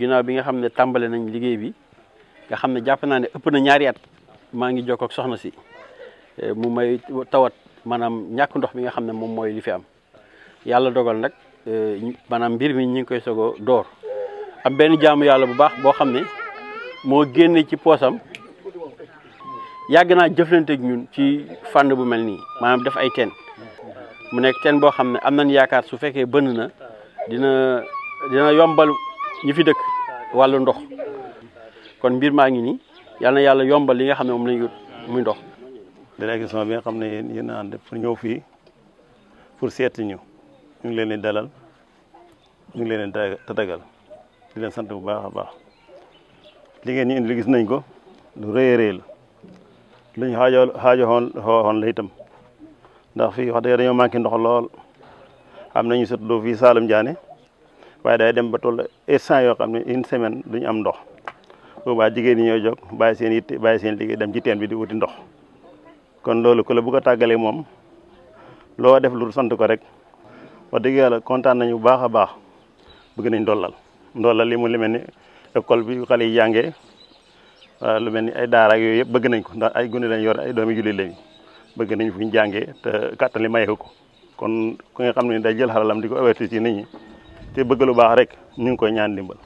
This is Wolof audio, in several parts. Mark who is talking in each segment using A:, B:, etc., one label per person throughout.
A: ginnaaw bi nga xam ne tàmbale nañ liggéey bi nga xam japp na naa ne ëpp na ñaari at ma ngi jokk ak soxna si e, mu may tawat manam ñak ndox bi nga xam mom moy li fi am yalla dogal nag e, manam bir mi ñi koy sogo door am benn jaamu yalla bu baax bo xam mo moo ci posam yag na jëflante ak ñun ci fànn bu melni manam def ay ten mu nek ten bo xam am nañ yaakar su fekkee bënna dina dina yombal ñi fi dëkk walu ndox kon mbir maa ngi nii yal na yàlla yombal li nga xam ne moom lañu
B: muy ndox délégation bi nga xam ne yéen yéen ànd pour ñëw fii pour seeti ñu ñu ngi leen di dalal ñu ngi leen di tatagal di leen sant bu baax a baax li ngeen ñu indi gis nañ ko lu rëy a rëy la luñ xaajoo xaajo xoon la itam ndax fii wax dëgg dañoo manqué ndox lool am nañu surtout fii Saalum Diané waaye day dem ba toll instant yoo na ne une semaine duñu am ndox boobaa jigéen ñi ñooy jóg bàyyi seen yitte bàyyi seen liggéey dem ci teen bi di wuti ndox kon loolu ko la bu ko tàggalee moom loo def lu sant ko rek wax dëgg yàlla kontaan nañu bu baax a baax bëgg nañ ndollal ndollal li mu li mel ni école bi xale yi jàngee lu mel ni ay daara ak yooyu yëpp bëgg nañ ko ndax ay gune lañ yor ay doomi jullit lañ bëgg nañ fu ñu jàngee te kàttan li ko kon ku nga xam ne day jël xalalam di ko avertir te bëgg lu baax rek ñu ngi koy ñaan dimbal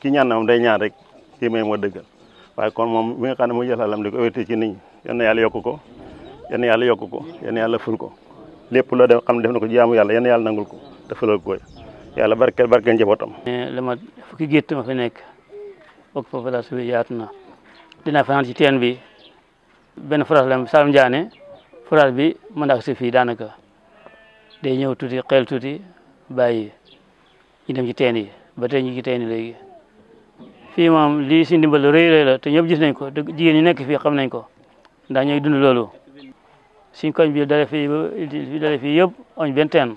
B: ki ñaan na moom day ñaan rek kii may moo dëggal waaye kon mom mi nga xamne mo mu jël alalam di ko ci nit ñi yalla yalla yokk ko yalla yalla yokk ko yalla yalla ful ko lepp lo dem xam def nako jaamu yalla yalla yalla nangul ko te ko yalla barkeel barkeel njabootam.
C: li ma fukki gettu ma fi nek ok fofu la subi yaatu dina fa fanaan ci teen bi ben forage la Saloum Diané forage bi mën naa si fii daanaka day ñew tuti xel tuti bayyi ñi dem ci ten yi ba tay ñi ci ten yi fii moom lii si ndimbal rëy la te ñëpp gis nañ ko te jigéen ñi nekk fii xam nañ ko ndax ñooy dund loolu suñ koñ bi dale fii ba dale fii yëpp oñ benn teen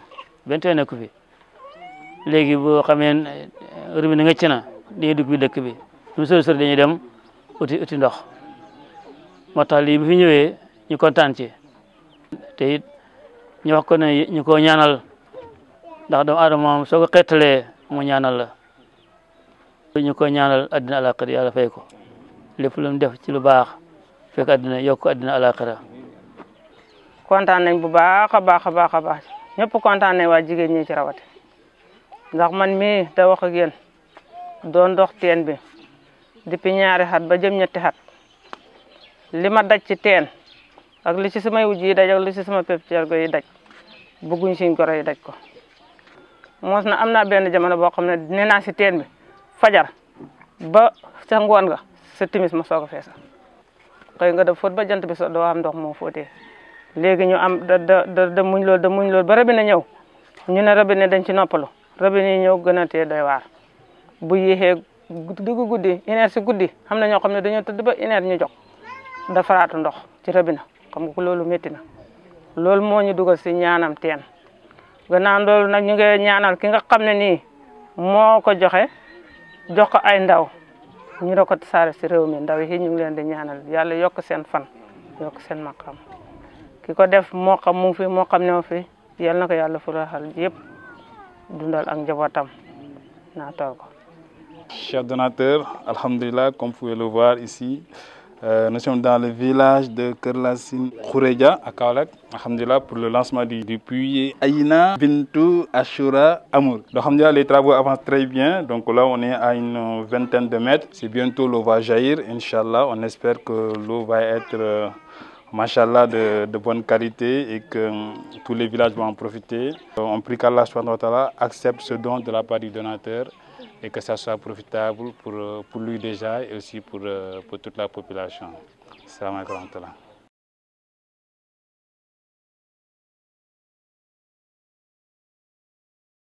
C: boo xamee eh, robinet ngëcc na dañuy dugg bi dëkk bi lu sori sori dañuy dem uti uti ndox moo tax lii bi fi ñëwee ñu kontaan ci te it ñu wax ko ne ko ñaanal ndax doomu aadama moom soo ko xettalee mu ñaanal la ñu koy ñaanal addina alaxira yàlla fay ko lépp lu def ci lu baax fekk addina yokk addina alaxira
D: kontaan nañ bu baax a baax a baax a baax ñëpp kontaan nañ waa jigéen ñi ci rawate ndax man mii da wax ak yéen doon dox teen bi depuis ñaari xat ba jëm ñetti xat li ma daj ci teen ak li ci samay wujj yi daj ak li sama pep cergo yi daj bëgguñ suñ goro yi daj ko moos am naa benn jamono boo xam ne teen bi fajar ba ca ngoon nga sa timis ma soog feesa feesal xëy nga def fóot ba jant bi so doo am ndox moo fóotee léegi ñu am da da muñ lool da muñ lool ba robinet ñëw ñu ne robinet dañ ci noppalu robinet yi ñëw gën a tee doy waar bu yéexee diggu guddi une heure guddi xam na ñoo xam ne dañoo tëdd ba une heure ñu jox dafaraatu ndox ci robinet xam nga ko loolu métti na loolu moo ñu dugal si ñaanam teen gannaaw loolu nag ñu ngi ñaanal ki nga xam ne moo ko joxe jox ko ay ndaw ñu da ko tasaare si réew mi ndaw yi ñu ngi leen di ñaanal yàlla yokk seen fan yokk seen maqam ki ko def moo xam mu fi moo xam ne fi yal na ko yàlla furaxal yëpp dundal ak njabootam naa toog ko.
E: Chers donateur alhamdulillah, comme vous pouvez le voir ici, Euh, nous sommes dans le village de Kerlasin Khoureja à Kaolak. Alhamdulillah pour le lancement du, puits Aïna Bintou Ashura Amour. les travaux avancent très bien. Donc là, on est à une vingtaine de mètres. C'est bientôt l'eau va jaillir, Inch'Allah. On espère que l'eau va être, euh, de, bonne qualité et que euh, tous les villages vont en profiter. On prie qu'Allah accepte ce don de la part du donateur et que ça soit profitable pour, euh, pour lui déjà et aussi pour, euh,
C: toute la population. C'est ma grande talent.